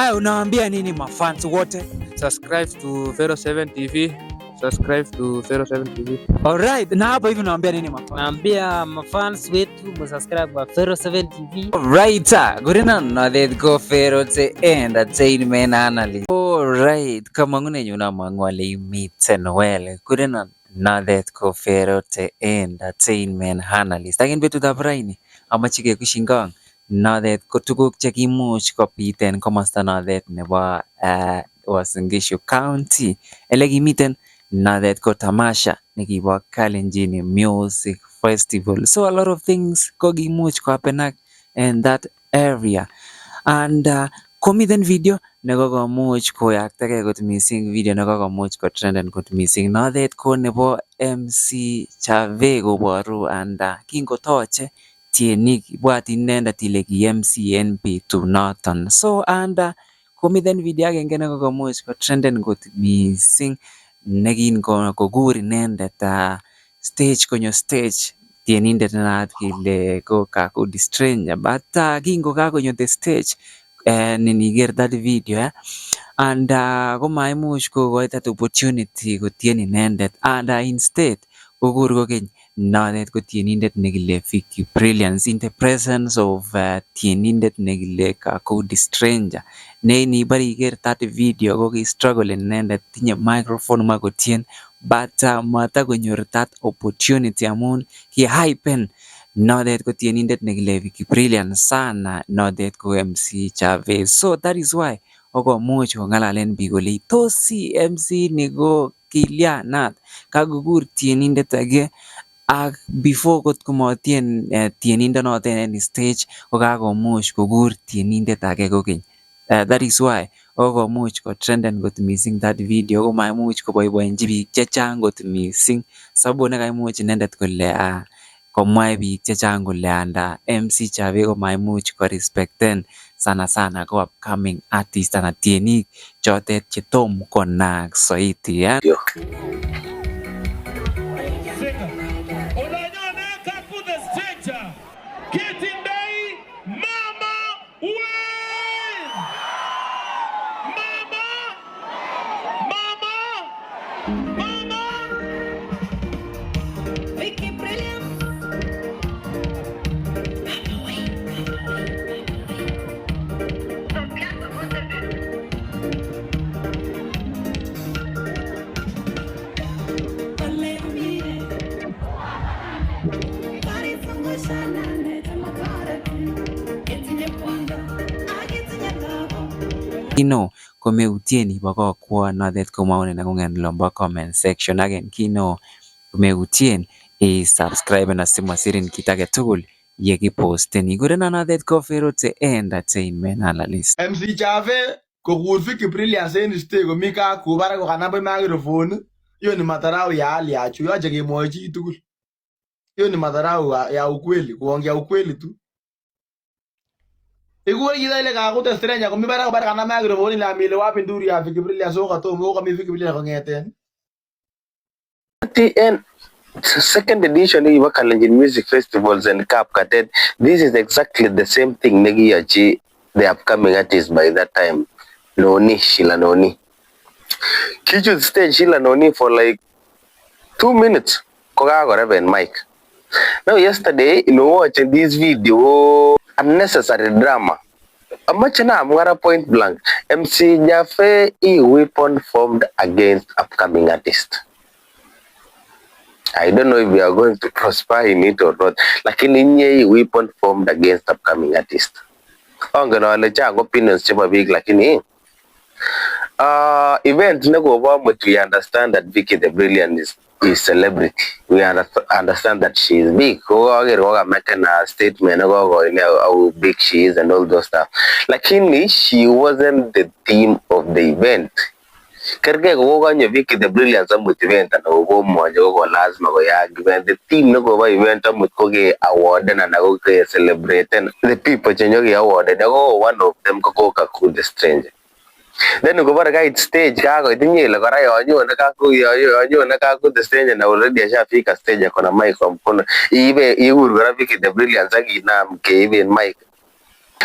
Haya, unawaambia nini mafans wote? Subscribe to Vero7 TV. Subscribe to Vero7 TV. Alright, na hapa hivi unawaambia nini mafans? Naambia mafans wetu msubscribe wa Vero7 TV. Alright, good na let go Vero7 entertainment analyst. Alright, kama ngune nyuna mangwale and well. Good na let go Vero7 entertainment analyst. Again betu dabraini amachike kushingang. Notet ko tuguk che kimuch kobit en komosta notet nebo eh, Uasin Gishu County ele kimiten notet ko tamasha nekibo Kalenjin Music Festival. So a lot of things ko kimuch ko kohapenak en that area and uh, komiten video ne nekokomuch koyaktagee kot missing video ne ko trenden kot mising notet ko nebo MC Chave koboru and uh, kin kotoche tieni ibwat inendet ile ki MC eng betunoton so anda uh, komiten video ngene ko agenge ko trenden kot missing negin ko ko nekin kokur inendet uh, stage konyo stage tieni tienindet na kile ko ka Kakudi Stranger but uh, ka konyo the stage eh ni niger that video eh? and uh, ko komaimuch ko goita opportunity ko tieni inendet and uh, instead Uhuru kokeny nonet ko tienindet nekile Vicky Brilliance in the presence of uh, tienindet nekile Kakodi Stranger ne inibore iker that video ko ki struggle inendet tinye microphone ma kotien but uh, matakonyor that opportunity amun hypen notet ko tienindet nekile Vicky Brilliance sana notet ko MC Chavez so that is why okomuch kong'alalen biik kole tos si MC ni ko kilyanat kakokur tienindet ake ak before kot komotien tienindet notet en stage kokakomuch kokur tienindet ake kokeny that is why kokomuch kotrenden kot missing that video komaimuch koboiboenji biik chechang kot missing sobo nekaimuch inendet kole ah komwai biik chechang kole anda MC Chavi komaimuch korespekten sana sanasana ko upcoming artist anan tienik chotet chetom konaak soiti. Yeah? kino neo komeutien ibokokwon notet komwoun neng'ung'et olombo comment section ak en kit neo komeutien isubscriben e asimosirin kit agetugul yekiposten. Ikurenon notet ko Ferote Entertainment Analyst. MC Chave kokur Vicky Brilliance en stage komii kakwo barak kokanam buch microphone hiyo ni madharau ya hali ya juu, yoche kemwochi chitugul. Hiyo ni madharau ya ukweli, kuongea ukweli tu. Ikuwa kile kakuta strenya kumi bara bara kana microphone la mile wapi nduri ya Kibril ya soka to ngo kami Kibril ya kongeten. TN second edition iba Kalenjin Music Festivals and Cup Katet. This is exactly the same thing negi achi the upcoming artists by that time. Noni Shila Noni. She should Shila Noni for like two minutes. Kogago Reverend Mike. Now yesterday, you know, watching this video unnecessary drama Amachana Amwara point blank. MC Jaffe e weapon formed against upcoming artist. I don't know if we are going to prosper in it or not. Lakini nye e weapon formed against upcoming artist. Onge na wale chango opinions chapa big lakini eh, Uh, event nekoba but we understand that Vicky the Brilliant is, is celebrity. We understand that she is big. Kokoker making a statement kokoine how big she is and all those stuff. Lakini she wasn't the theme of the event. Kergei kokokonye Vicky the Brilliant amut event anan kokomwochi koko lazima koyaak event. The theme nekobo event amut koke awarden anan koke celebraten the people chenyoke awarden. Ako one of them ko Cool the Stranger then ngobore kait stage kakoit imile kora yonyone kaku yonyone kaku the stage na already ashafika stage akona mic kwa mkono iibe ikur kora Vicky the Brilliance akinam keiben mic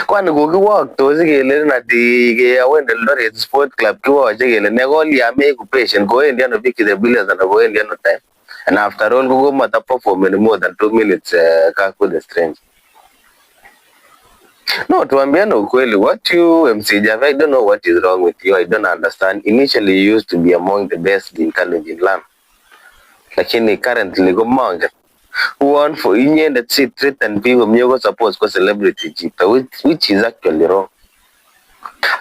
kwani kokiwoktos kelelen ati keawendi Eldoret Sport Club kiwoche kele ne koliame iku patient kowendi ano Vicky the Brilliance ana kowendi ano time and after all kokomata performing more than two minutes uh, eh, kaku the strange No, tuambiane ukweli. What you MC Java, I don't know what is wrong with you. I don't understand. Initially you used to be among the best in Kalenjin land. Lakini currently go monga. One for inyende si treat and people go suppose kwa celebrity jita which, which is actually wrong.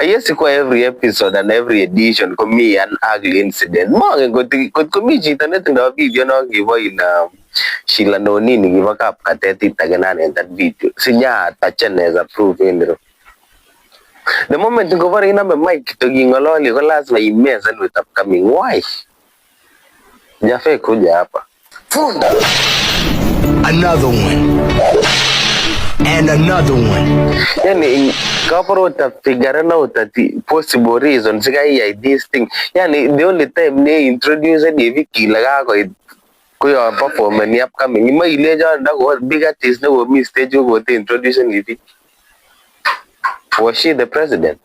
I Yes, kwa every episode and every edition me an ugly incident. go to go to me jita netu na video give away now. Um, shilanonini kibo kapkatet itakenan en that video sijatachen as approve en ireu the moment ngobore inome mic kitok ing'ololi ko lazima imesan with upcoming why jafe kuja hapa funda another one and another one yani kapora utafigurana utati possible reason sikai yai this thing yani the only time ne introduce ni e hivi kila kakoit koyoe performeni upcoming imoe ilenjon ndako big artist nekomi stage kokote introduceni biik was she the president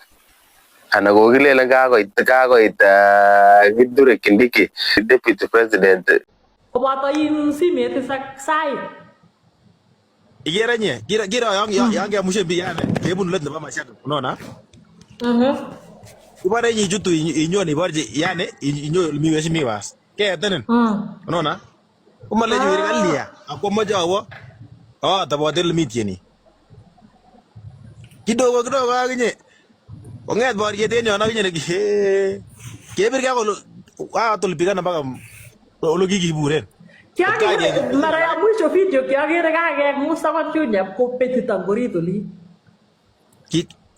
ana kokilelen kakoit kakoit ah, Kithure Kindiki deputy president koboto in simet isak sai ikere nye kiro kiro yon yon kemushe mbiyane kebun let nebo mashaka unaona mhm ibore nyichutu inyon iborji yani inyo miwesi miwas keetenin mm. unaona Kuma leju iri kali ya. Aku ma jawa. oh ah, tapi ada limit ya nih. Kido kau kido kau aginya. Kau ngeliat bahwa dia tanya anak aginya lagi. Kebir kau lo. Ah, tuh lebih kan apa kam? Lo gigi hiburan. Kaya mara ya mucho video kaya kira kaya musa kau tuh nyap kopi di tangguri tuh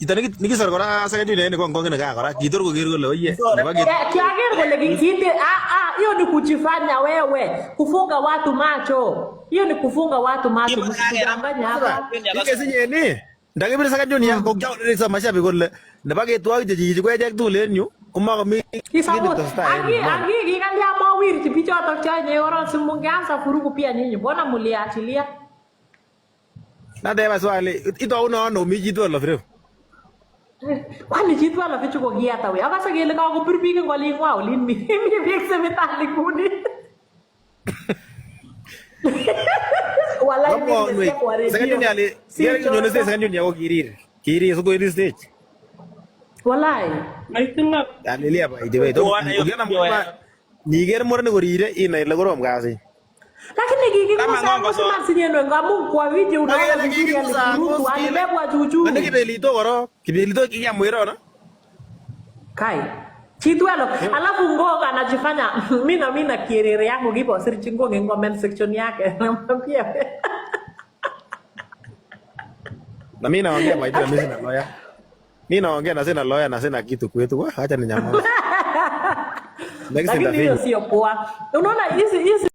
Chito nekisor kora secondary ne nilikuwa ngongen kaa kora kitor koker kole oye nebo kitu. Kiager kole kiti ah ah hiyo ni kujifanya wewe kufunga watu macho. Hiyo ni kufunga watu macho msidanganya hapa. Nikesinye ni ndakibir secondary ya kokyaulisa mashabiki kole nebo ketwogik chechichi kwechek tugul en yu komakomi angikikalia mowirchi bichotok cheonye koron simungeanza furugu pia nyinyi mbona muliachilia. Nadeba swali, itauna ano miji tu kwalechit wala bichu ko kiyata we akase kele kakobir biik eng olin wa olin mi mi biik sipitali kuni niker murenik korire inai ile korom kasit Lakini kikigusa si kwa unaona alibebwa na? Kai. alafu Ngoga anajifanya mimi na mimi na yangu siri section yake namwambia. Na mimi naongea mimi na Mimi naongea na sina na sina kitu kwetu. ni Lakini sio poa. Unaona hizi hizi